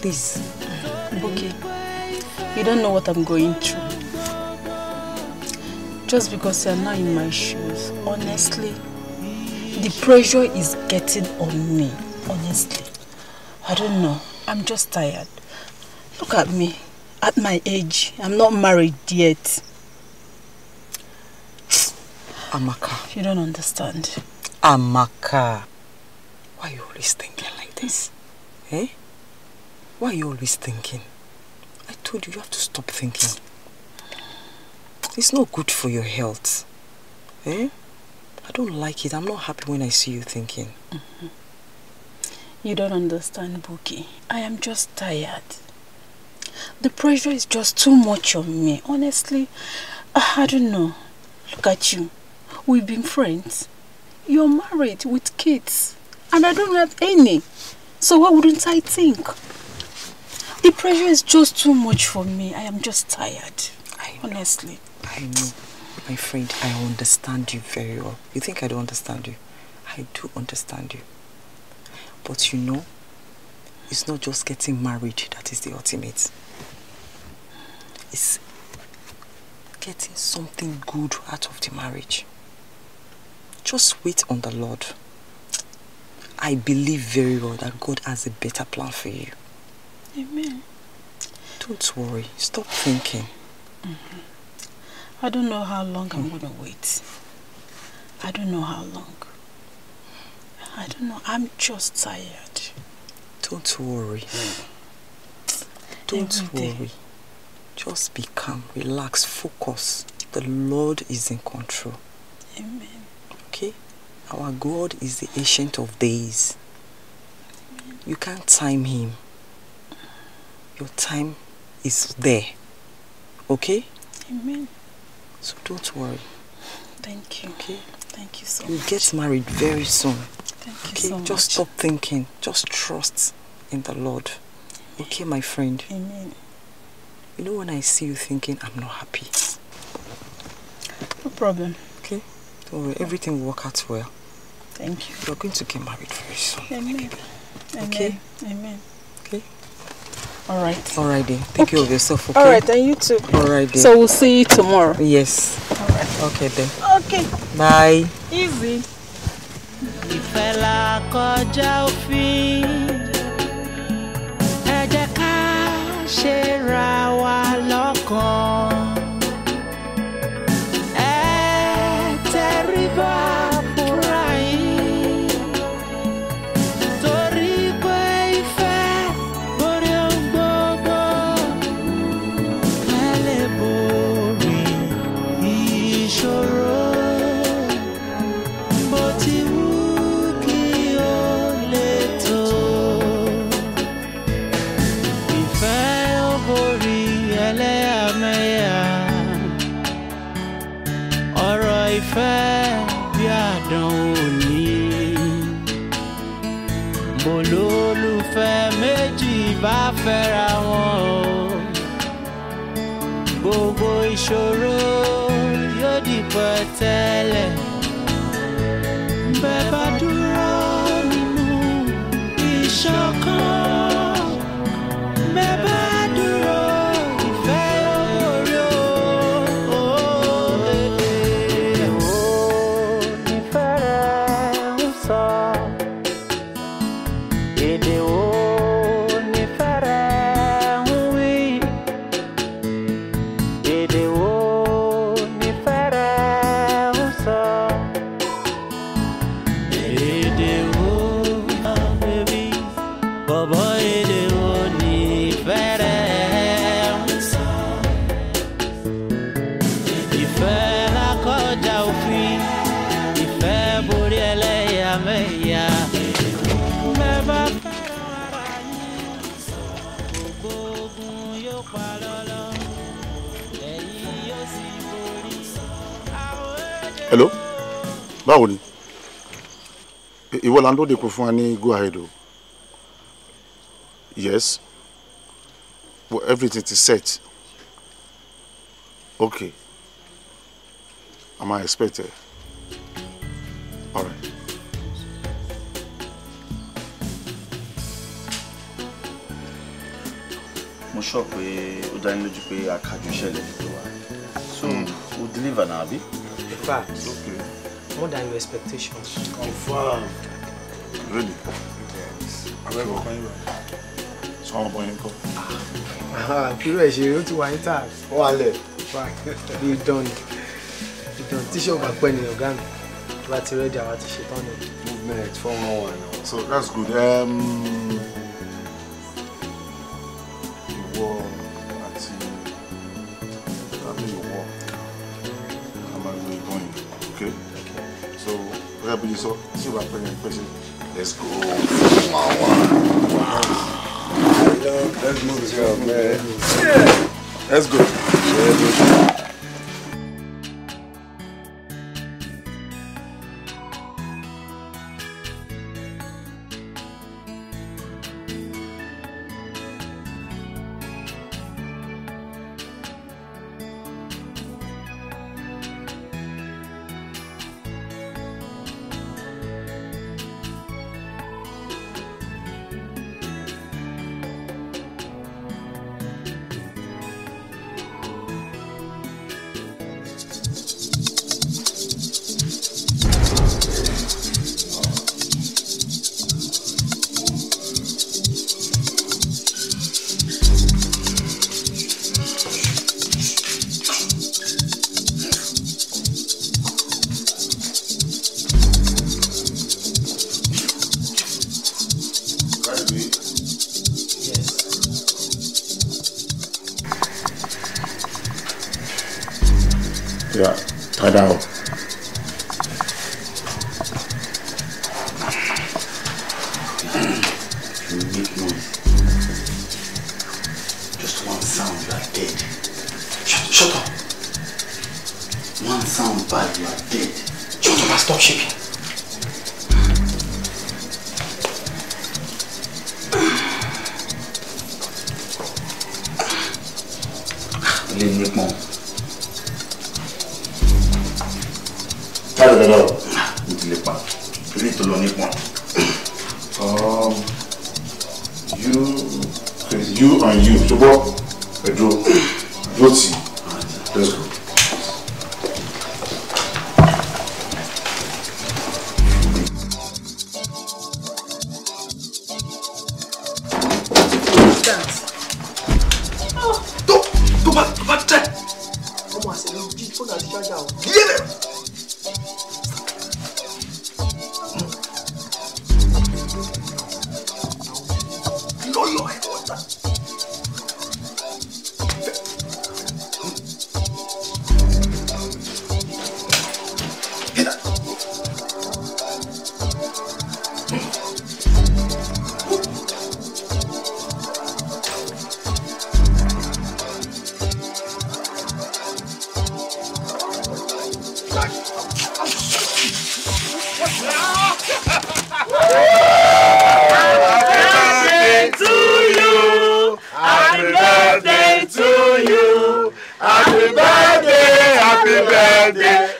please. Okay. You don't know what I'm going through. Just because you're not in my shoes, honestly, the pressure is getting on me, honestly. I don't know. I'm just tired. Look at me. At my age, I'm not married yet. Amaka. You don't understand. Amaka. Why are you always thinking like this? Eh? Why are you always thinking? I told you, you have to stop thinking. It's not good for your health. Eh? I don't like it. I'm not happy when I see you thinking. Mm -hmm. You don't understand, Buki. I am just tired. The pressure is just too much on me. Honestly, ah, I don't know. Look at you. We've been friends. You're married with kids. And I don't have any. So why wouldn't I think? The pressure is just too much for me. I am just tired. I honestly. I know. My friend, I understand you very well. You think I don't understand you? I do understand you. But you know, it's not just getting married that is the ultimate. It's getting something good out of the marriage. Just wait on the Lord. I believe very well that God has a better plan for you. Amen. Don't worry. Stop thinking. Mm -hmm. I don't know how long I'm going to wait. I don't know how long. I don't know. I'm just tired. Don't worry. Mm. Don't Every worry. Day. Just be calm, relax, focus. The Lord is in control. Amen. Okay? Our God is the ancient of days. Amen. You can't time him. Your time is there. Okay? Amen. So don't worry. Thank you. Okay? Thank you so you much. You get married very soon. Thank you okay? so much. Just stop thinking. Just trust in the Lord. Okay, my friend? Amen. You know when I see you thinking, I'm not happy. No problem. Okay? Don't worry. Everything will work out well. Thank you. You're going to get married very soon. Amen. Amen. Okay? Amen. All right. All right, then. Take okay. care of yourself, okay? All right, and you too. All right, then. So we'll see you tomorrow. Yes. All right. Okay, then. Okay. Bye. Easy. Ìfẹ́ la kọjá òfin, ẹ wa lọ́kàn. ìwọ la ń lóde kó fún wa ní go ahead o yes Well, everything ti set okay Am i expected? all right. mo sọ pé ó dá ní lójú pé àkàjù ṣẹlẹ̀ nílò wa so we hmm. deliver na abi. in fact okay. more than your expectations. confam. Really? Yes. I'm kan yín bá. So I'm ọmọ yẹn kọ́. ah. ẹ̀ṣẹ̀ ó ti wà ní tà. Ó wà lẹ̀. Bí idán done. Idán tíṣẹ́ ò bá pẹ́ ni ọ̀gá mi. Tó bá ti rẹ́dí àwa ti ṣetán Movement four one one. So that's good. Um, ìwọ àti tàbí ìwọ a máa lo ìbọn yìí. Okay gẹ́gẹ́ bí sọ tí ìwà pẹ̀lú ìpèsè let's go. Let's move this up, man. Yeah. Let's go. let's go. Shut up. One sound bad, you are dead. Shut up and stop shipping. Happy birthday, to you! happy birthday, happy birthday.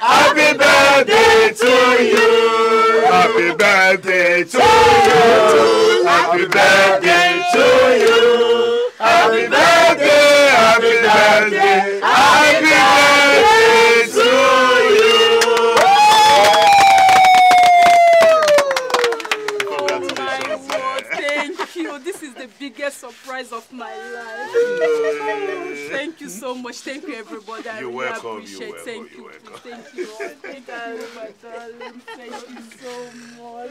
best surprise of my life. Thank you so much. Thank you, everybody. You're I really welcome. appreciate You're Thank you. Thank you. Thank you, my darling. Thank you so much.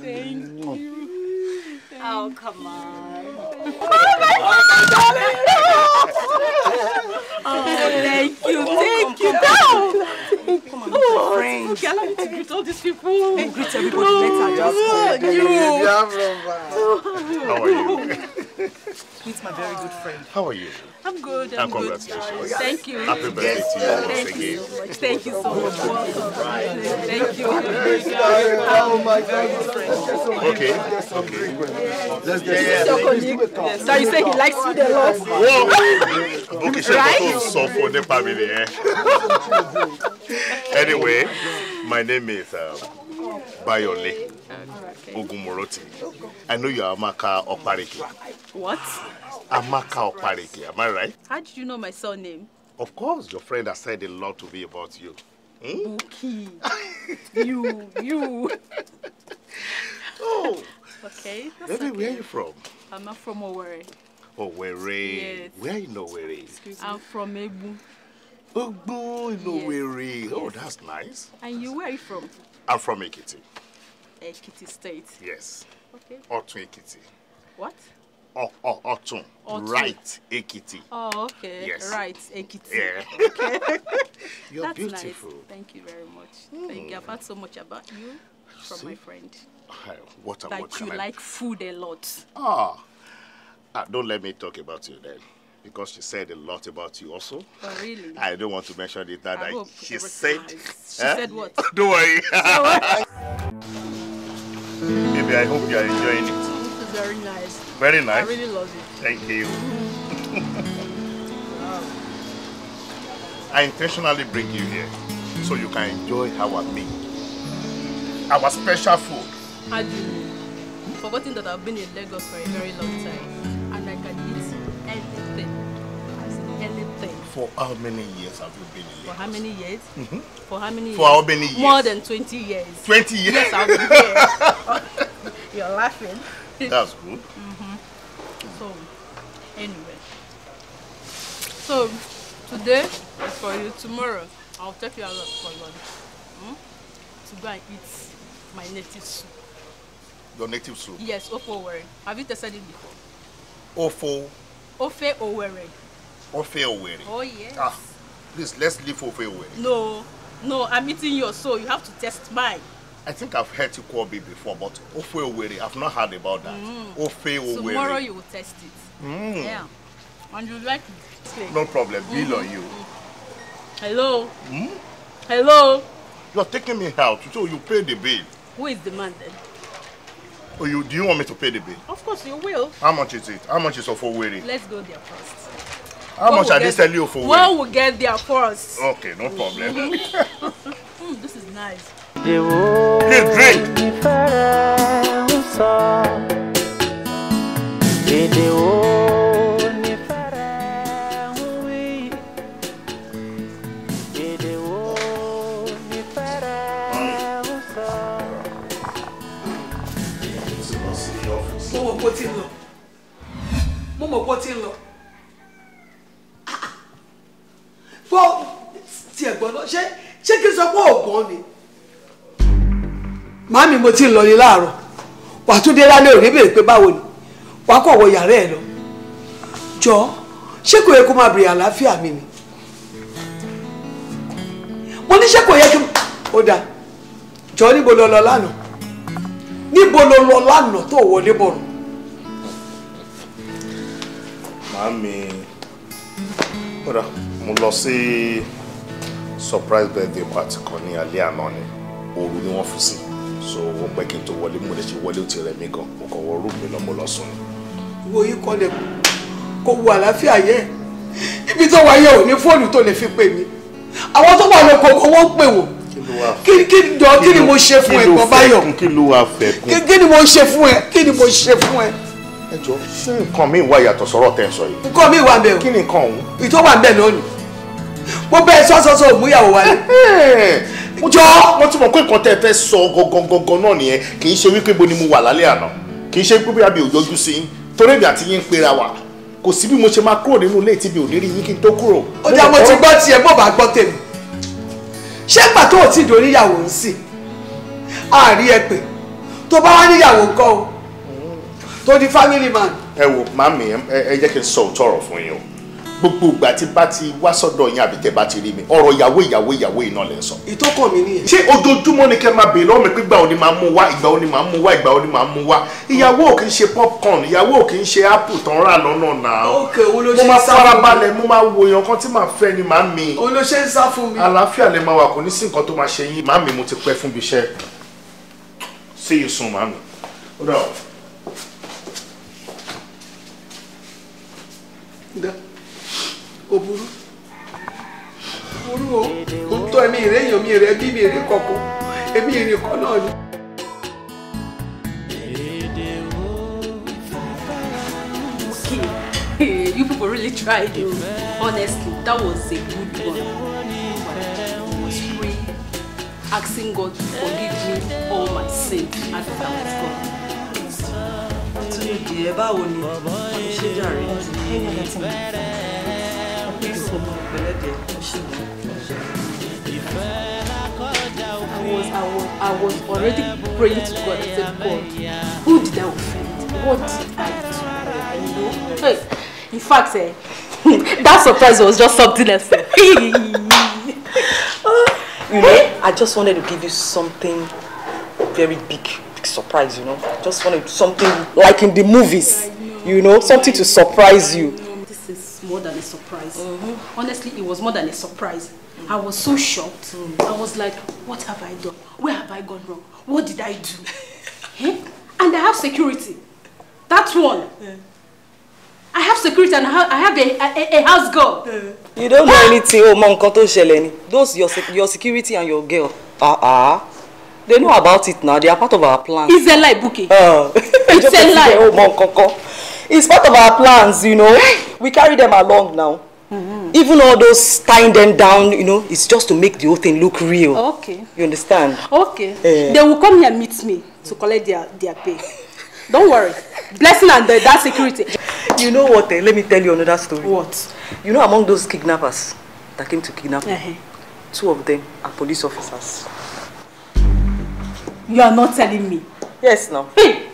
Thank you. Thank oh, come on. Oh, my, oh, my darling. oh, thank you. Thank you. No strange. Okay, allow me to greet all these people. Hey, greet everybody. Let's you. How are you? Meet my very good friend. How are you? I'm good. I'm and good. Thank you. Happy birthday to you once Thank again. You so much. Thank you so much. Thank you. Oh my God. Okay. Okay. Let's get yeah, yeah. So you say he likes you a lot. Whoa. Okay, so right? so for the family. anyway, my name is um, uh, Bayole. Ogunmoroti. I know you are Amaka Opareke. What? Amaka Opareke, am I right? How did you know my surname? Of course, your friend has said a lot to me about you. Hmm? Buki. you, you. Oh. Okay, that's Baby, okay. where are you from? I'm not from Owerri. Owerri. Yes. Where in Owerri? Excuse me. I'm from Ebu. Ogun in Owerri. Oh, yes. Oh, that's nice. And you, where are you from? I'm from Ekiti. Ekiti State. Yes. Okay. Ọ̀tún Ekiti. What? Oh, oh, Ọ̀tún. Ọ̀tún. Right Ekiti. Oh, okay. Yes. Right Ekiti. Yeah. Okay. You're That's beautiful. Nice. Thank you very much. Mm. Thank you. I've heard so much about you from See? my friend. Uh, what, that what you I... like food a lot. Ah. ah, don't let me talk about you then because she said a lot about you also. Oh, really? I don't want to mention it now I that she said... She eh? said what? don't worry. Don't worry. Baby, I hope you are enjoying it. It's very nice. Very nice. I really love it. Thank you. I intentionally bring you here so you can enjoy our meal. Our special food. I do. Forgetting that I've been in Lagos for a very long time and I can eat anything. Anything. For how many years have you been here? Mm-hmm. For how many years? Mm -hmm. For how many years? For how many years? More than 20 years. 20 years? Yes, I've been here. You're laughing. That's good. Mm-hmm. So, anyway. So, today is for you. Tomorrow, I'll take you out for lunch. Hmm? To go and eat my native soup. Your native soup? Yes, Ofo Owere. Have you tested it before? Ofo? Ofe Owere. Ofe Owere? Oh, yes. Ah, please, let's leave Ofe Owere. No, no, I'm eating yours, so you have to test mine. I think I've heard you call before, but Ofe Owere, I've not heard about that. Mm. Ofe Owere. Tomorrow you will test it. Mm. Yeah. And you like it. No problem. Mm. Bill on you. Hello. Mm? Hello. You're taking me out, so you pay the bill. Who is the man then? Oh, you, do you want me to pay the bill? Of course you will. How much is it? How much is Ofe Owere? Let's go there first. How much are they selling you for? Well, we'll get there first. Okay, no problem. Mm-hmm. mm, this is nice. de hoje diferente só e de hoje diferente e de hoje diferente só mo mọ̀ pọ́ tí ń lọ mo mọ̀ pọ́ tí ń màámi mo ti ń lọ ní láàárọ̀ wàtúndé lálẹ́ òní béèrè pé báwo ni wàá kọ̀ wọ yàrá ẹ̀ lọ jọ ṣé kò yẹ kó máa bèrè àlàáfíà mi ni mo ní ṣé kò yẹ kí ó dáa jọ níbo ló lọ lánàá níbo ló lọ lánàá tó wọlé bọ̀rọ̀. màámi kódà mo lọ sí surprise birthday party kan ní alẹ́ àná ni òru ni wọ́n fi sí i so ó pẹ́ kí n tó wọlé mo lè ṣe wọlé ó ti rẹ̀ mí gan mo kàn wọ rúùmù mi lọ mo lọ sùn ni. wo yìí kọ́ lẹ̀ kó wo àlàáfíà yẹ ibi tó wà yẹ ò ní fóònù tó lè fi pè mí àwọn tó wà lóko owó pè wò kí jọ kí ni mo ṣe fún ẹ kọ báyọ̀ kí ló wàá fẹ́ kún kí ni mo ṣe fún ẹ kí ni mo ṣe fún ẹ. ẹ jọ ṣé nǹkan mi wà yàtọ̀ sọ́rọ̀ tẹ̀ ń sọ yìí. nǹkan mi wà ń bẹ̀ o kí ni nǹkan òun. ìtọ́wà ń bẹ̀ lónìí mo bẹ́ẹ̀ sọ́sọ́sọ́ òmùyàwó wálé jọ wọ́n ti mọ̀ pé nǹkan tẹ́ ẹ fẹ́ sọ gangan gangan náà nìyẹn kì í ṣe wípé bo ni mo wà lálẹ́ àná kì í ṣe wípé àbí òyọjú sí i torí èmi àti yín ń pera wà kò sí bí mo ṣe máa kúrò nínú ilé tí mi ò ní rí yín kí n tó kúrò. ó dá mo ti gbọ́ tiẹ̀ bó bá gbọ́ tèmi ṣé ìgbà tó o ti dòrí ìyàwó ń sìn àárí ẹ pé tó bá wá níyàwó ńkọ́ o tó di family man. ẹ wo màmí ẹ jẹ́ kí n sọ òótọ́ ọ̀rọ̀ fún yín o gbogbo ìgbà tí bá ti wá sọ́dọ̀ yín àbí tẹ́ bá ti rí mi ọ̀rọ̀ ìyàwó ìyàwó ìyàwó iná lẹ ń sọ. ìtọ́kọ̀ mi nìyẹn. ṣé ojoojúmọ́ ni kẹ́ máa bèèrè lọ́wọ́ mi pé ìgbà òní máa mú wá ìgbà òní máa mú wá ìgbà òní máa mú wá ìyàwó ò kì í ṣe popcorn ìyàwó ò kì í ṣe apple tán rà lọ́nà náà. ok olóṣè sá fún mi. mo máa farabalẹ̀ mo máa wo èèyàn kan tí màá fẹ́ ni màá mi. olóṣè sá fún mi. àlàáfíà lẹ see you soon màá mi. ó kò burú burú o ń tọ́ ẹ̀mí ìrẹ́ èèyàn mi rẹ̀ bí mi rí kọ̀ọ̀kan ẹ̀mí ìrìn kan náà ni. You people really tried it. Honestly, that was a good one. I was praying, asking God to forgive me all my sins and I was gone. Tún ìdí ẹ báwo ni? Ṣé jàre? Ṣé ní I was, I was, I was already praying to God. I said, God, who did I offend? What did I do? You know? Hey, in fact, eh, that surprise was just something else. Eh. you know, I just wanted to give you something very big, big surprise, you know. Just wanted something like in the movies, you know, something to surprise you. more than a surprise. Mm -hmm. Honestly, it was more than a surprise. Mm -hmm. I was so shocked. Mm -hmm. I was like, what have I done? Where have I gone wrong? What did I do? eh? And I have security. That's one. Yeah. I have security and I have a, a, a house girl. Yeah. You don't know ah! anything, oh mọ nǹkan tó Those your your security and your girl. Ah uh ah. -uh. They know about it now. They are part of our plan. It's a lie, Buki. Uh, it's a lie. Oh, mọ nǹkan it's part of our plans you know we carry them along now Mm-hmm. Even all those tying them down, you know, it's just to make the whole thing look real. Okay. You understand? Okay. Uh, they will come here and meet me to collect their, their pay. Don't worry. Blessing and that security. You know what? Eh? Let me tell you another story. What? You know, among those kidnappers that came to kidnap uh-huh. two of them are police officers. You are not telling me. Yes, now. Hey!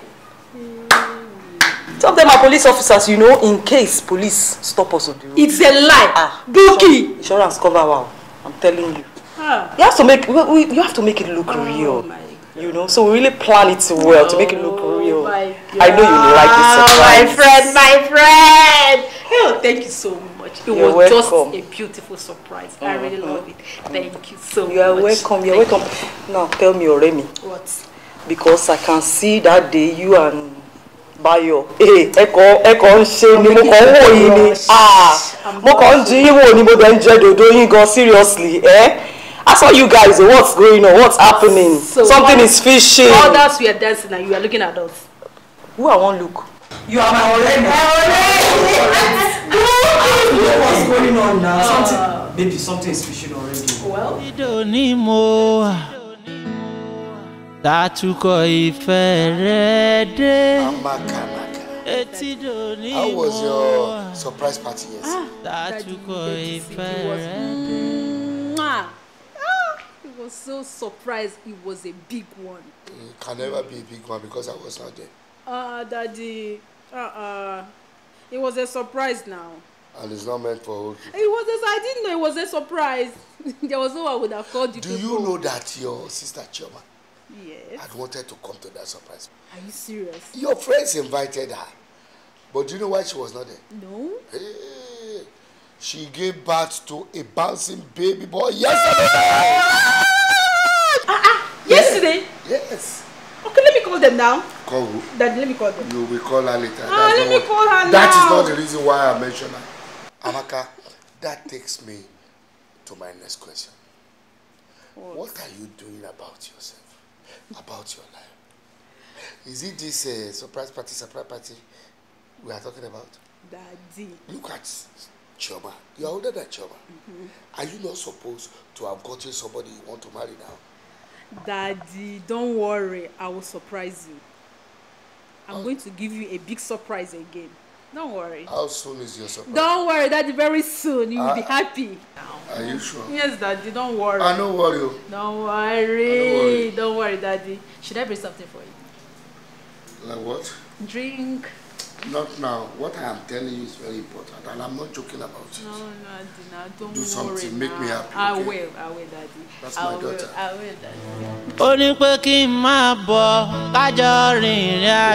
Some of them are police officers, you know, in case police stop us on the road. It's a lie. Ah, Buki. Insurance cover wow. I'm telling you. Ah. You have to make we, we, you have to make it look oh real. You know, so we really plan it well oh, to make it look oh real. I know you like this surprise. My friend, my friend. Oh, thank you so much. It You're was welcome. just a beautiful surprise. Mm-hmm. I really mm-hmm. love it. Thank you so you much. You are welcome. You're thank welcome. You. Now tell me, Oremi. What? Because I can see that day you and Báyọ̀ eh, ẹkọ ẹkọ ń ṣe ni mo kàn ń wò yín ni ah, mo kàn ń jí yín wò ni mo dẹ̀ ń jẹ dòdò yín gan seriously eh? I saw you guys what's going on what's happening so something is fishing. we are dancing and you are looking at us. who I wan look. you are my ọ̀rẹ́ na. ọ̀rẹ́ mi what's going on na uh, something baby something is fishing already. well. Tatukọ̀ ìfẹ́ rẹ dé. Amakanaka. Etí dòní mọ́. How was your surprise party Yes. Ah, Tatukọ̀ ìfẹ́ rẹ mm, dé. It ah, was so surprised. It was a big one. It can never be a big one because I was not there. Ah, uh, Daddy. Uh-uh. It was a surprise now. And it's not meant for old It was a, I didn't know it was a surprise. there was no one would have called you. Do you know that your sister Chioma Yes. I wanted to come to that surprise. Are you serious? Your friends invited her. But do you know why she was not there? No. Hey, she gave birth to a bouncing baby boy yesterday. Ah! Ah, ah, yesterday? Yes. Okay, let me call them now. Call who? Daddy, let me call them. You will call her later. Ah, That's let me what, call her that now. That is not the reason why I mentioned her. Amaka, that takes me to my next question. What, what are you doing about yourself? about your life. Is it this uh, surprise party, surprise party we are talking about? Daddy. Look at Chioma. You're older than Chioma. Mm-hmm. Are you not supposed to have gotten somebody you want to marry now? Daddy, don't worry. I will surprise you. I'm oh. going to give you a big surprise again. Don't worry. How soon is your surprise? Don't worry, Daddy, very soon. You'll be ah, happy. Are you sure? Yes, Daddy, don't worry. I ah, oh. don't worry. Don't ah, worry. Don't worry. Daddy. Should I bring something for you? Like what? Drink. Not now. What I am telling you is very important, and I'm not joking about it. No, no, no. don't Do something. Worry Make now. me happy. Okay? I will. I will, Daddy. That's I my will, daughter. I will, Daddy. Ó ní pé kí n máa bọ̀ ká jọ rìnrìn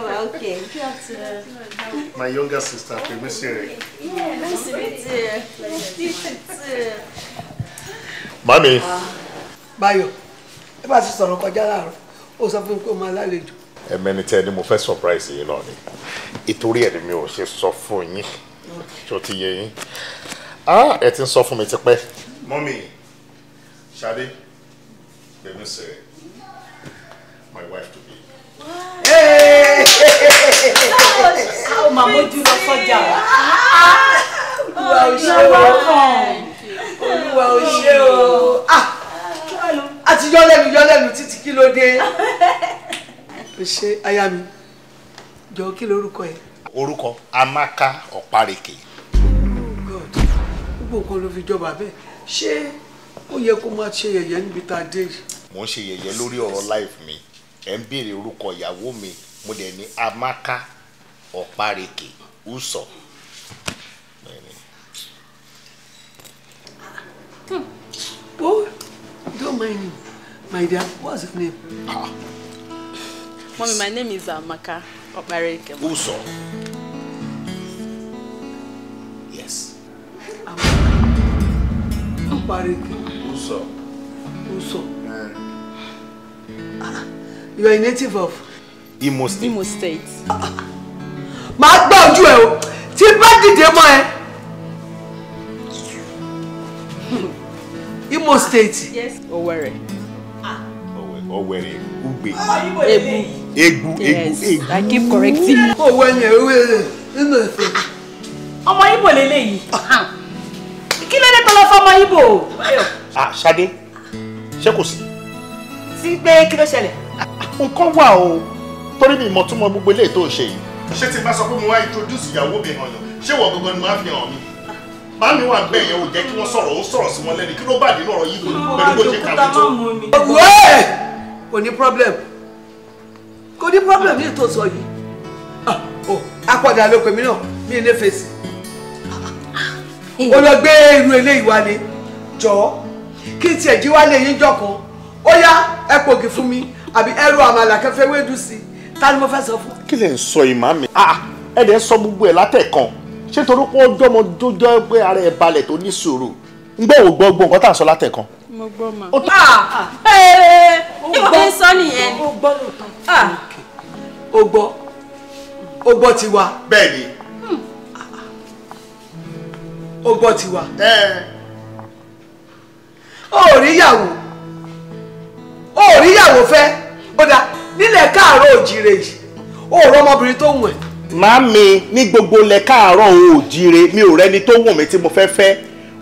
You're My younger sister, Femisiri. Yeah, nice to meet you. Nice to meet you. Mami. Ah. Báyọ̀, ẹ bá ti sọ̀rọ̀ kọjá láàárọ̀, ó sọ fún mi pé ó máa lálejò. Ẹ̀mẹ́ni tẹ́ ni mo fẹ́ surprise yín náà ni. Ìtorí ẹ̀ ni mi ò ṣe sọ fún yín. Ṣé o ti yé yín? Ẹ ti ń sọ fún mi tipẹ́. Mọ́mì, Ṣadé, Femisiri, my wife to be. Hey! a ò máa mójú lọ sọ́jà o olúwa ò ṣe o olúwa ò ṣe o àti ah! yọ lẹ́nu yọ lẹ́nu títí kí ló dé o aya mi jọ kí lorúkọ ẹ. orúkọ Amaka Ọ̀párẹ̀kẹ̀. Oh gbogbo nǹkan ló fi jọba bẹ́ẹ̀ ṣé ó yẹ kó máa ṣe yẹ̀yẹ́ níbi tá a dé yìí. mo ń ṣe yẹ̀yẹ́ lórí ọ̀rọ̀ life mi ẹ̀ ń béèrè orúkọ ìyàwó mi mo dẹ̀ ní amaka ọ̀páreke ùsọ̀. Hmm. oh don't mind me my dear what's your name. Ah. Mommy, my name is Amaka Opareke. Uso. Yes. Opareke. Uso. Uso. Mm. you are a native of Imo State. Imo State. Màá gbá ojú ẹ o, tí bá dìde mọ́ ẹ. Imo State. Yes. Owerri. Ah. Owerri, Ugbe. Egbu. Egbu, Egbu, Egbu. I keep correcting. Owerri, Owerri, Imo State. Ọmọ Ibo lélẹ́yìí. Kí ló dé tọ́lọ́ fọmọ Ibo? Ah, Ṣadé, ṣé kò sí? Sí pé kí ló ṣẹlẹ̀? Ah, nǹkan wà o torí mi ìmọ̀ túmọ̀ gbogbo eléyìí tó ṣe yìí. ṣé tí n bá sọ pé mo wá introduce ìyàwó mi hàn yàn ṣé wọ gbogbo ni màá fi hàn mí. màámi wà bẹ́ẹ̀ yẹn ò jẹ́ kí wọ́n sọ̀rọ̀ ó sọ̀rọ̀ sí wọn lẹ́nu kí ló bá dé lọ́rọ̀ yìí pẹ̀lú bó ṣe kàwé tó. wẹ́ẹ̀ kò ní problem kò ní problem ní ètò sọ yìí ah, oh, apọ̀dà ló pèmí náà mi ò ní fèsì ó lọ gbé irú eléyìí wá ni jọ̀ọ́ kí tiẹ̀ jí wá lè yín jọ kan ó yá ẹ pògì fún mi àbí ẹrù àmàlà kẹfẹ́ wédú sí i ta ni mo fẹ́ sọ fún. kí lè ń sọ ìmá mi. Ah, ẹ lè sọ gbogbo ẹ̀ látẹ̀kan ṣé torí pé ọjọ́ ọmọ dójọ́ pé ara ẹ̀ balẹ̀ tó ní sùúrù ń gbọ́ òògbọ́ gbọ́ nǹkan tá à sọ látẹ̀kan. mo gbọ́ ma. ó ìwọ ah, eh, eh, eh, ń sọ nìyẹn. ó gbọ́ lóòótọ́. Ah, ó tiwa. bẹ́ẹ̀ ni. ó gbọ́ tiwa. Hmm. ó rí ìyàwó ó rí ìyàwó fẹ́ ó dáa nílẹ̀ káàárọ̀ òjìrè yìí òòrọ̀ ọmọbìnrin tó wù ẹ́. màámi ní gbogbo ilẹ̀ káàárọ̀ òjìrè mi ò rẹ́ni tó wù mí tí mo fẹ́ fẹ́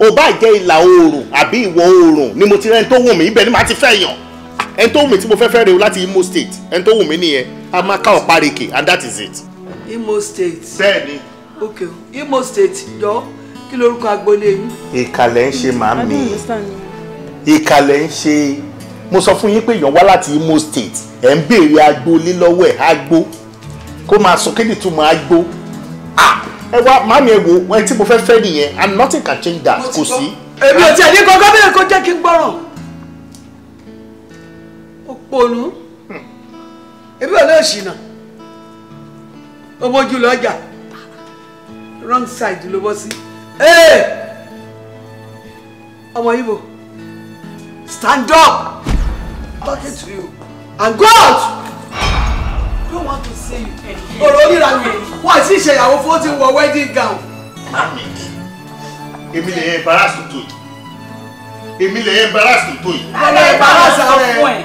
ó bá jẹ́ ìlà oòrùn àbí ìwọ̀ oòrùn ni mo ti rẹ́ni tó wù mí ibẹ̀ ni màá ti fẹ́ yàn ẹni tó wù mí tí mo fẹ́ fẹ́ rè o láti Imo State ẹni tó wù mí nìyẹn a máa ká ọ̀parèkè and that is it. Imo State. bẹ́ẹ̀ni. ok Imo State jọ kí lorúkọ agboolé yín. ìkàlẹ̀ ń ṣe màámi ìkàlẹ̀ ń ṣe mo sọ fún yín pé èèyàn wá láti Imo State ẹ̀ ń béèrè agbo lé lọ́wọ́ ẹ̀ agbo kó máa sọ kí nìtú máa agbo ẹ wá màmí ẹ wo ẹni tí mo fẹ́ fẹ́ nìyẹn and nothing can change that kò sí. èmi ò tiẹ̀ ní kankan bẹ́ẹ̀ kó jẹ́ kí n gbọ́ràn òpònú èmi ò lè ṣìnà ọmọ jùlọ ọjà wrong side ló bọ́ sí ọmọ ibo stand up talking to you. And go out! I don't want to see you again. Ọ̀rọ̀ Why is wọ́n àti ìṣẹ̀yàwó fún ti wọ wedding gown. Mami, èmi lè embarrass tó tó yìí. Èmi lè embarrass tó tó yìí. Bọ́lá embarrass rẹ̀. Eh.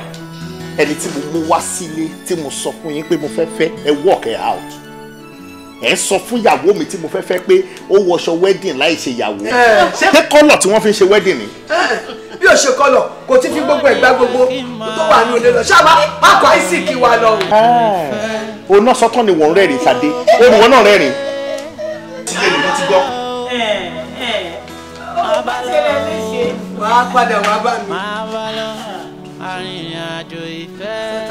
Ẹni tí you mú wá sílé tí mo sọ fún yín pé mo fẹ́ fẹ́ ẹ work ẹ out. Ẹ sọ You ìyàwó mi tí mo fẹ́ fẹ́ pé ó wọṣọ wedding láì ṣe ìyàwó. Eh. Ṣé kọ́lọ̀ tí wọ́n fi ń ṣe wedding bí o ṣe kọ lọ kò ti fi gbogbo ẹ̀gbá gbogbo tó wà ní òde lọ ṣáà má kọ àìsíkì wa lọ. o náà sọ́tàn ni wọ́n rẹ́rìn sàdé olùwọ́n náà rẹ́rìn. ti lè lò ti gbọ́. ọba tẹ́lẹ̀ lè ṣe. wàá bá mi. arìnrìnàjò ìfẹ́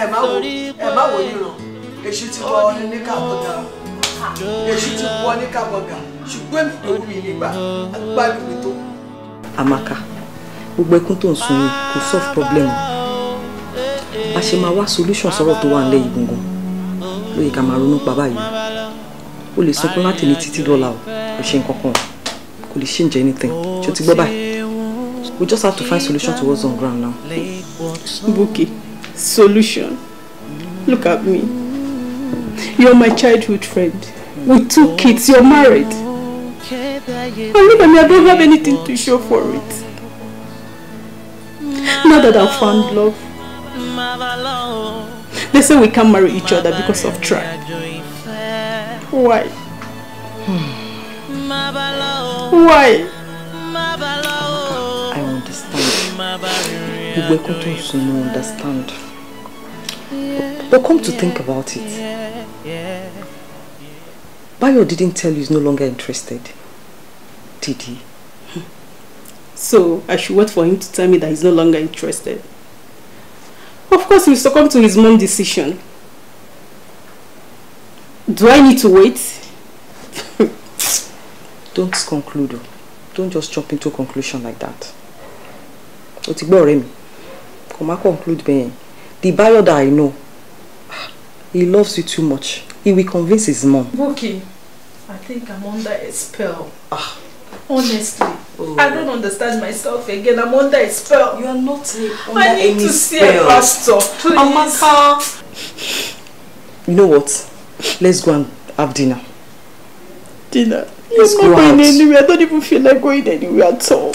ẹ má wò ẹ má wò níran èṣù ti wọ ọ ní káàbọ̀dà èṣù ti wọ ní káàbọ̀dà ṣùgbọ́n èmi tó wù mí nígbà agbálùmí tó kù. Amaka gbogbo ẹkún tó ń sun yìí kò solve problem a ṣe máa wá solution sọ̀rọ̀ tó wà nílẹ̀ yìí gbọ̀ngàn ló yẹ ká máa ronú pa báyìí o lè sunkún láti ní títí dọ́là o kò ṣe nǹkan kò lè ṣe ń jẹ anything ṣé o ti gbọ́ báyìí we just have to find solution to what's on ground now. Buki solution look at me you're my childhood friend We two kids you're married. Only look me, I don't have anything to show for it. Now that I've found love, they say we can't marry each other because of tribe. Why? Why? I understand. You're Uweko also no understand. but come to think about it. Bayo didn't tell you he's no longer interested. Did he? So I should wait for him to tell me that he's no longer interested. Of course, he'll succumb to his mom's decision. Do I need to wait? Don't conclude. Oh. Don't just jump into a conclusion like that. Ó ti Come, ọ̀rẹ́ conclude bẹ́ẹ̀. The Bayo that I know, he loves you too much. He will convince his mom. Okay, I think I'm under a spell. Ah. Honestly, oh. I don't understand myself again. I'm under a spell. You are not under I need to see spell. a pastor, please. Amaka. You know what? Let's go and have dinner. Dinner? Let's You're not go going out. anywhere. I don't even feel like going anywhere at all.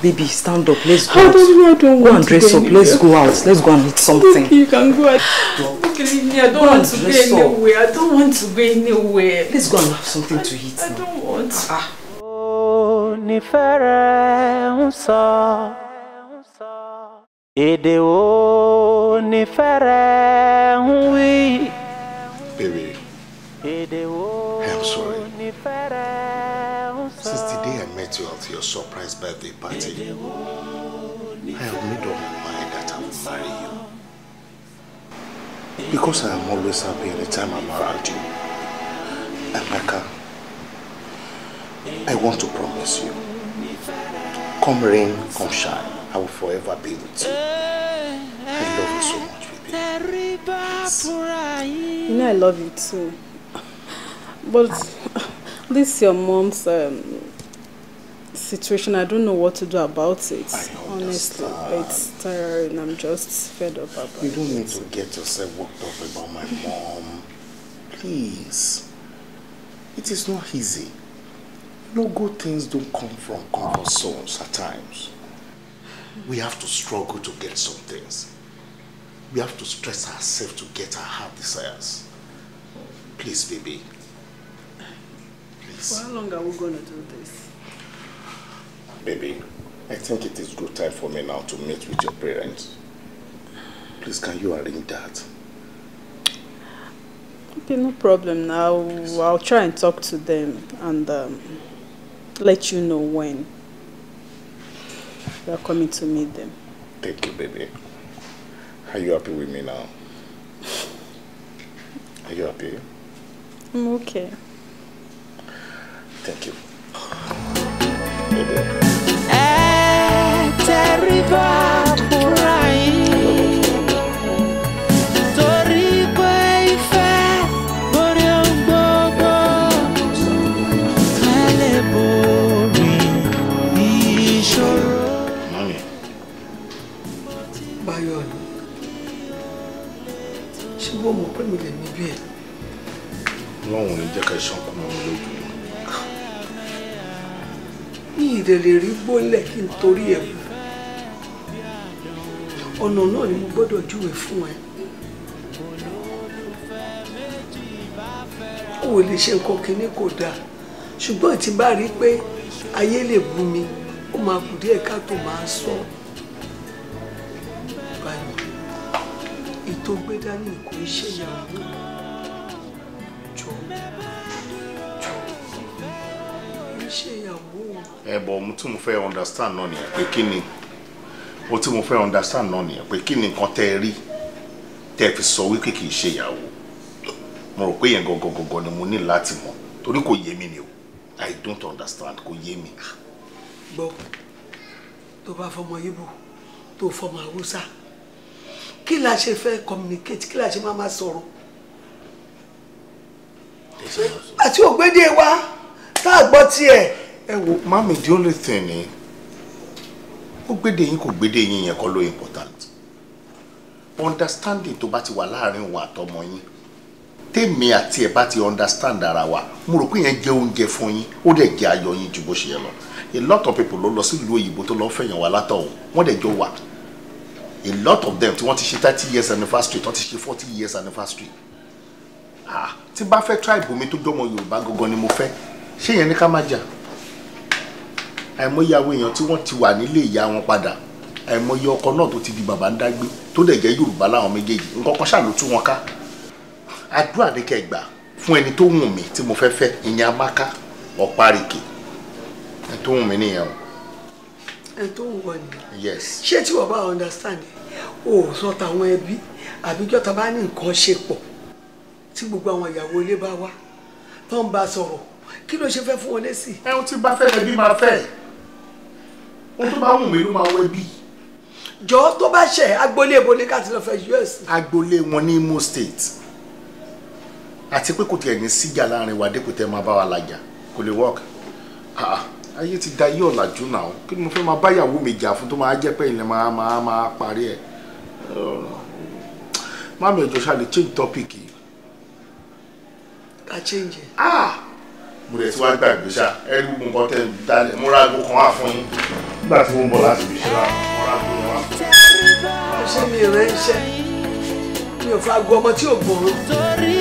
Baby, stand up. Let's go I out. Don't, I don't go and dress up. Anywhere. Let's go out. Let's go and eat something. Okay, you can go out. Okay, I don't go want to go anywhere. Up. I don't want to go anywhere. Let's go and have something I, to eat. I now. don't want. Ah. ah. ni ń sọ? Èdè wo ni ń wí? Baby, Èdè wo I'm sorry. ń sọ? Since the day I met you at your surprise birthday party, I have made up my mind that I will marry you. Because I am always happy anytime I'm around you. Emeka. I want to promise you. Come rain, come shine. I will forever be with you. I love you so much, baby. Yes. You know I love you too. But this your mom's um, situation. I don't know what to do about it. Honestly, it's tiring. I'm just fed up about it. You don't it. need to get yourself worked up about my mom. Please. It is not easy. No good things don't come from comfort souls at times. We have to struggle to get some things. We have to stress ourselves to get our heart desires. Please, baby. Please. For how long are we going to do this? Baby, I think it is good time for me now to meet with your parents. Please, can you arrange that? Okay, no problem. Now I'll, I'll try and talk to them and um, let you know when we are coming to meet them. Thank you, baby. Are you happy with me now? Are you happy? I'm okay. Thank you. Baby. jẹ́ ká ṣan kú mọ́ lójú. mi ìdè lè rí gbólẹ̀ kí n torí ẹ̀ wù ọ̀nà náà ni mo gbọ́dọ̀ júwe fún ẹ. o ò lè ṣe nǹkan kínní kò dáa ṣùgbọ́n tí bá rí i pé ayé lè bú mi ó máa kù díẹ̀ ká tó máa sọ báyìí ètò gbé dání kò ń ṣèyàwó ẹ̀bọ̀ ohun tí mo fẹ́ understand náà nìyẹn pé kí ni ohun tí mo fẹ́ understand náà nìyẹn pé kí ni nǹkan tẹ́ ẹ rí tẹ́ ẹ fi sọ wípé kì í ṣe ìyàwó mo rò pé yẹn gangan gangan ni mo ní láti mọ̀ torí kò yé mi ni o i don't understand kò yé mi. gbọ́ tó bá fọmọ ibo tó fọmọ haúsá kí la ṣe fẹ́ communicate kí la ṣe máa máa sọ̀rọ̀ àti ògbédè wa tá a gbọ́ tiẹ̀. ẹ wo mami the only thing ni ó gbédè yín kò gbédè yín yẹn kọ́ ló important understanding tó bá ti wà láàrin òun àtọmọ yín tèmi àti ẹ bá ti understand ara wa mo rò pé yẹn jẹ oúnjẹ fún yín ó dẹ̀ jẹ ayọ̀ yín ju bó ṣe yẹ lọ a lot of people ló lọ sí ìlú òyìnbó tó lọ fẹ̀yàn wá látọ̀hún wọ́n dẹ̀ jọ wà a lot of them tí wọ́n ti ṣe thirty years anniversary tí wọ́n ti ṣe forty years anniversary ah tí bá fẹ́ tribe mi tó jọmọ yorùbá gangan ni mo fẹ́ ṣé yẹn ní ká má jà àìmọye àwọn èèyàn tí wọ́n ti wà nílé ìyá wọn padà àìmọye ọkọ náà tó ti di bàbá ń dágbé tó dẹ̀ jẹ́ yorùbá láwọn méjèèjì nǹkan kan ṣáà ló tú wọn ká àdúrà ní kẹgbà fún ẹni tó wùn mí tí mo fẹ́ fẹ́ ìyẹn amáká ọ̀párìkì ẹni tó wùn mí nìyẹn o. ẹni tó wùn wọ ni. yes. ṣé tí wọ́n bá understand o ò sọ tàwọn ẹbí àbíjọ́ ta bá ní nǹkan ṣe pọ̀ tí gbogbo àwọn ìyàwó ilé bá wá tó ń bá sọ̀rọ̀ kí ló ṣe fẹ́ fún wọn lésì. ẹun tí bá fẹ́ ẹbí máa fẹ́ ohun tó bá wù mí ló máa wọ ẹbí. jọ tó bá ṣe agboolé ebo ní káàtì lọ fẹ́ us. agboolé wọn ní Imo State àti pé kò tiẹ̀ ní síjà láàrin wa dípò tẹ́ máa bá wa làjà kò lè work ah, ah, ayé ti da ayé ọ̀làjú náà kí ni mo fẹ́ máa báyàwó mi jà fún tó máa jẹ́ pé ilẹ̀ máa máa máa parí ẹ̀. máàmì ẹ̀jọ̀ ṣáà lè change topic yìí ká change ah mo lè ti wá gbàgbé ṣá ẹrí gbogbo nǹkan tẹ dalẹ mo ra aago kan wá fún yín nígbà tí mo ń bọ̀ láti fi ṣe ra mo ra aago kan wá fún yín. ọṣẹ mi rẹ iṣẹ́ mi ò fa aago ọmọ tí ò gbòòrò. torí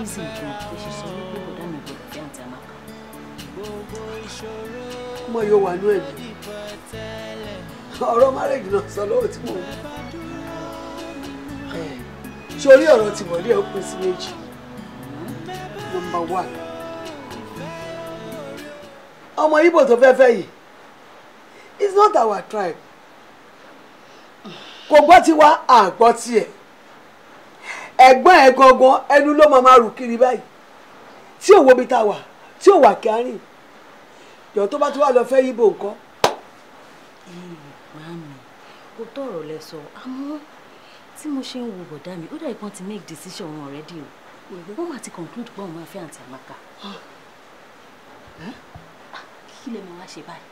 easy ju bó ṣe sọ wípé kò dá mi kò fi àǹtí àmàkà. mo yóò wà ní ẹ̀mí ọ̀rọ̀ márèjì náà sọ lọ́wọ́ tí mò ń bọ̀ ṣé orí ọ̀rọ̀ tìmọ̀lé ẹ̀ ó pín sí méjì nọ́mbà one ọmọ Ìgbò tó fẹ́ fẹ́ yìí it's not our tribe kò gbọ́ tiwa àgbọ́ tiẹ̀ ẹ̀gbọ́n ẹ̀ gangan ẹnu ló máa máa rù kiri báyìí tí òwò mi ta wà tí òwò àkẹ́rìn yọ tó bá tó wà lọ fẹ́ yíbo nǹkan. màámi o tọrọ lẹ sọ àmọ́ tí mo ṣe ń wo bọ̀dá mi ó dàbí kan ti make decision wọn already o mhm. wọ́n máa ti conclude pé òun máa fẹ́ àǹtí àmàkà ah. kí lè máa wá ṣe báyìí.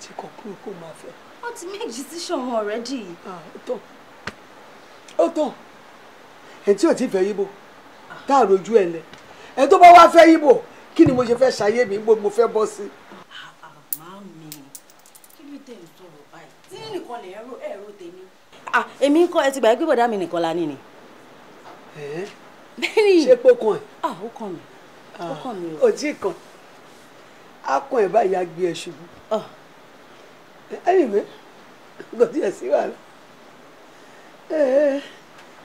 ti conclude kó máa fẹ́. wọ́n ti make decision wọn already. Ah, ó tán ó tán ẹni tí ò tí tá a rojú ẹ lẹ ẹni tó bá wá fẹ́ yíbò kí ni mo ṣe fẹ́ ṣayé mi gbogbo mo fẹ́ bọ́ sí. Ah, ah, màámi kí ló dé ìtọ̀rọ̀ báyìí tí nìkan lè ẹ̀rọ ẹ̀rọ tèmi. Ah, èmi ń kọ́ ẹ ti gbà pé bọ̀dá mi nìkan la ní ni. bẹ́ẹ̀ni ṣé pé o kàn ẹ́. ó kàn mí ó kàn mí o. òjì kan á kàn ẹ̀ báyìí á gbé ẹ ṣubú. ẹ̀yìn mi kò tiẹ̀ sí wàhálà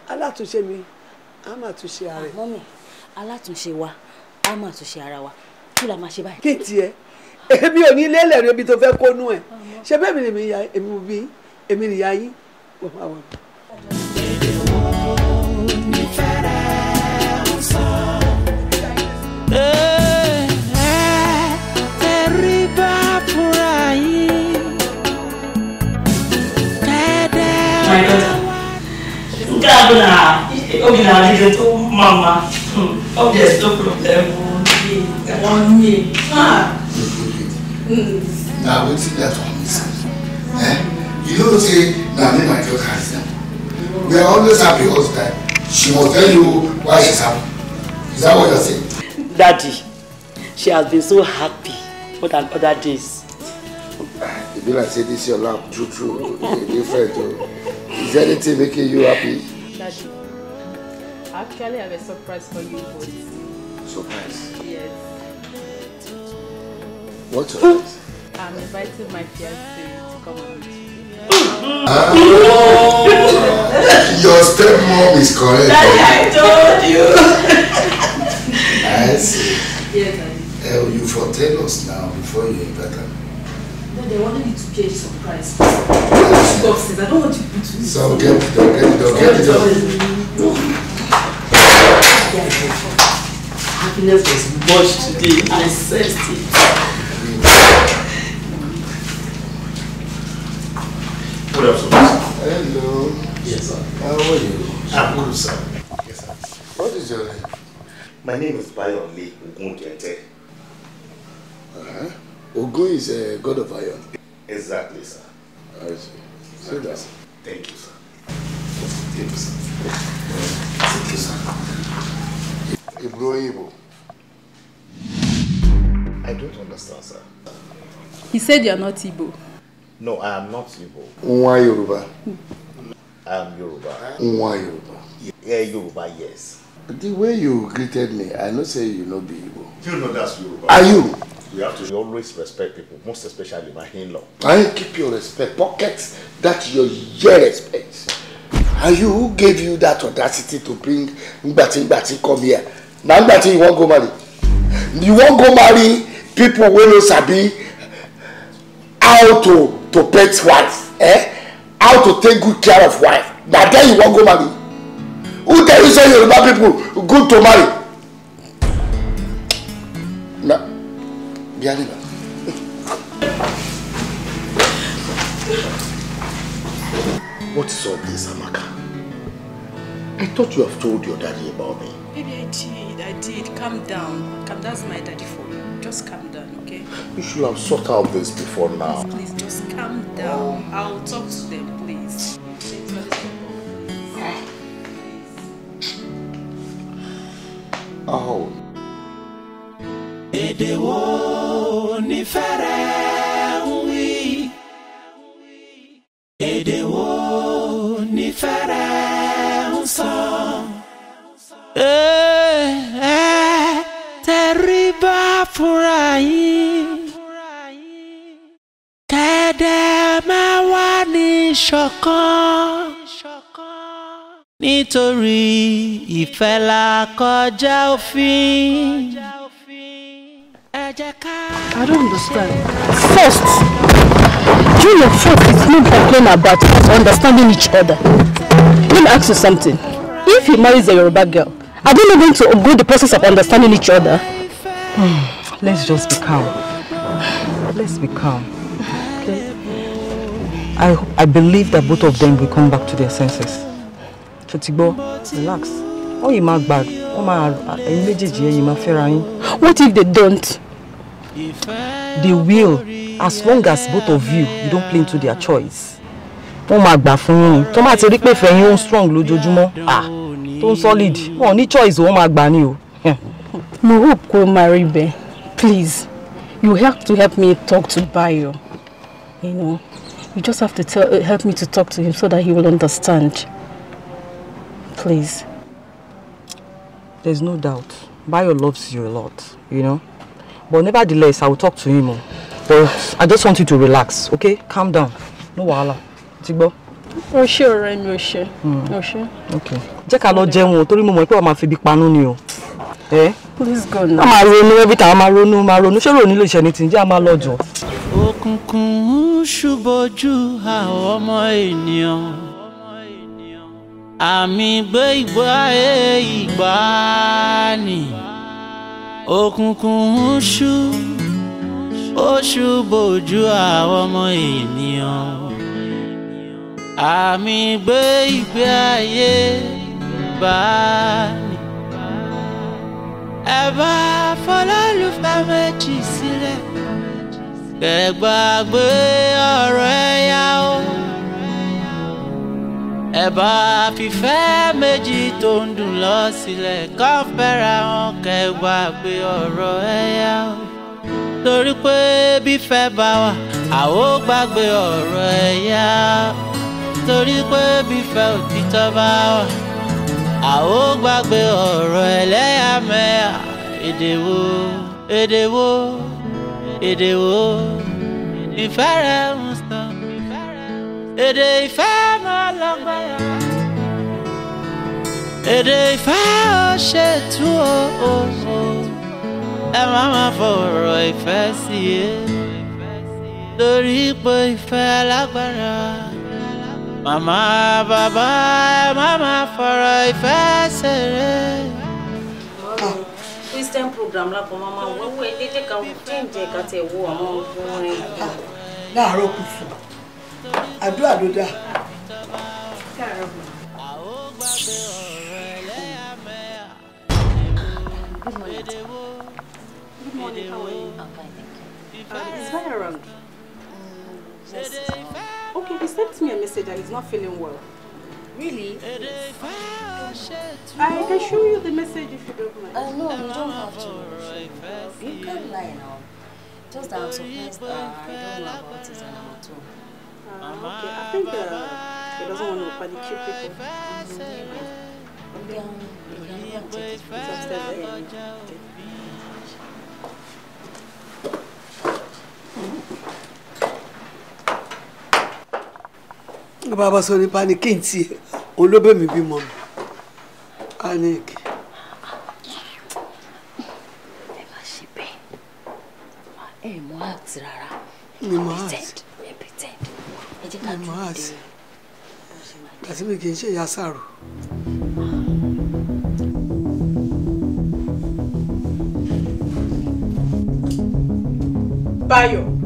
alátúnṣe mi a máa túnṣe ara rẹ. mọ́mì alátúnṣe wa a máa túnṣe ara wa kí la máa ṣe báyìí. kí n tiẹ̀ èmi ò ní ilé ẹlẹ́rìí ibi tó fẹ́ kónú ẹ̀ ṣe bẹ́ẹ̀ mi lèmi ya èmi bí èmi nìyá yín wọ́n máa wọ̀ mí. obìnrin àlejò tó màmá ọbẹ̀ hmm. oh, tó problem wọ́n ní na wetin dat one ah. hmm. mean say eh you know say na me my girl carry am we are always happy all the time she will tell you why she's happy is that what you're saying? daddy she has been so happy more than other days. You be like say this your love, true true e dey different oh. is anything making you happy. daddy I actually have a surprise for you both. Surprise? Yes. What surprise? I'm inviting my fiancé to come and meet you. Oh, your stepmom is correct. Daddy, I told you. I see. Yes, Daddy. Uh, eh, you foretell us now before you invite her. No, they wanted me to be a surprise. Boxes. I don't want you to. So get it, get it, get it. No. happiness was much today. I sensed it. Good Hello. Yes, sir. How are you? I'm good, sir. Yes, sir. What is your name? My name is Bayon Lee Ogunjente. Uh-huh. Ogun is a uh, god of iron. Exactly, sir. I see. Sit down. Thank you, sir. Thank you, sir. Thank you, sir. Ibrahim. I don't understand, sir. He said you're not Igbo. No, I am not Igbo. Nwa Yoruba. Hmm. I am Yoruba. Nwa Yoruba. Yeah, Yoruba, yes. The way you greeted me, I know say you no be Igbo. You know that's Yoruba. Are you? We have to you always respect people, most especially my in-law. I keep your respect. Pockets that your year respect. Are you, who gave you that audacity to bring Ngbati Ngbati come here? Now Ngbati, you wan go marry. You wan go marry people wey no sabi how to to pet wife eh? how to take good care of wife na there you wan go marry who tell you say yoruba people good to marry na be na. what is all this amaka i thought you have told your daddy about me. maybe i did i did calm down calm down that's my daddy for Just calm down, okay? You should have sought out this before now. Please, please just calm down. Oh. I'll talk to them, please. Oh. ṣọ̀kan nítorí ìfẹ́ la kọjá òfin. I don't understand. First, you your first is him complain about us understanding each other. Let me ask you something. If he marries a Yoruba girl, are they not going to go the process of understanding each other? Hmm. Let's just be calm. Let's be calm. I, I believe that both of them will come back to their senses. Chotigbo, relax. Oh, you mad bad. Oh my, ẹyin méjèèjì you máa fẹ́ra What if they don't? They will as long as both of you you don't play into their choice. Oh my, gbà fún yín. Tó máa ti rí pé fẹ̀yìn strong lójoojúmọ́. Ah! Tó solid. Oh any choice oh my gbà ni o. hope kó marry Ben. Please, you have to help me talk to Bayo. You know. You just have to tell, uh, help me to talk to him so that he will understand. Please. There's no doubt. Bayo loves you a lot, you know. But nevertheless, I will talk to him. Oh. But I just want you to relax, okay? Calm down. No wahala. Ti gbọ́? sure, ṣé ọ̀rẹ́ mi, hmm. o ṣé. Okay. Jẹ́ ká lọ jẹun o, torí mo mọ̀ pé o máa fi bí panu ẹ. Eh? please go now. a máa ronú ẹbí tá a máa ronú máa ronú ṣé a máa lọ jọ. òkùnkùn ṣùbọ̀jú àwọn ọmọ ènìyàn àmì gbé ìgbà e ìgbà ni òkùnkùn ṣú oṣù bòjú àwọn ọmọ ènìyàn àmì gbé ìgbé ẹ̀bá fọlọ́lùfẹ́ méjì sílẹ̀ kẹgbàgbé ọ̀rọ̀ ẹ̀yà o ẹ̀bá fìfẹ́ méjì tó ń dùn lọ sílẹ̀ kàn fẹ́ra wọn kẹgbàgbé ọ̀rọ̀ ẹ̀yà o torí pé bífẹ́ bá wà àwọ̀ gbàgbé ọ̀rọ̀ ẹ̀yà torí pé bífẹ́ òtítọ́ bá wà a ó gbàgbé ọ̀rọ̀ ẹlẹ́yàmẹ̀yà èdè wo èdè wo èdè wo ìfẹ́ rẹ̀ ń sàn èdè ìfẹ́ máa lágbára èdè ìfẹ́ ó ṣètú o ẹ má má fọ̀rọ̀ ìfẹ́ sí i lórí ipò ìfẹ́ lágbára mama, bàbá ẹ má máa fọ̀rọ̀ ìfẹ́ ṣeré. Ah, christian program lápò mama wẹ́wọ́ elédè kan díǹjẹ́ ká tẹ̀ wo àwọn ọkùnrin. Ah, láàárọ̀ kùtù àdúrà ló dáa. Good morning. Good morning. How are you? I'm fine, thank you. Uh, is Vanna around? Mm, yes, Okay, he sent me a message that he's not feeling well. Really? Yes. I can show you the message if you don't mind. Uh, no, you don't have to. You can't lie now. Just that I'm surprised uh, I don't know about it and I'm at home. Uh, okay, I think uh, he doesn't want to panicure people. Mm -hmm. Okay, um, you can go it. It's upstairs. Uh, bàbá sọ nípa ni kí n tiẹ̀ olóbè mi bímọ mi anik. ẹ má ṣe bẹ́ẹ̀ ẹ mọ àti rárá ẹ pretend ẹ pretend ẹ jẹ́ ká tún dé. àti mi kì í ṣe ìyá sàrò. Báyọ̀.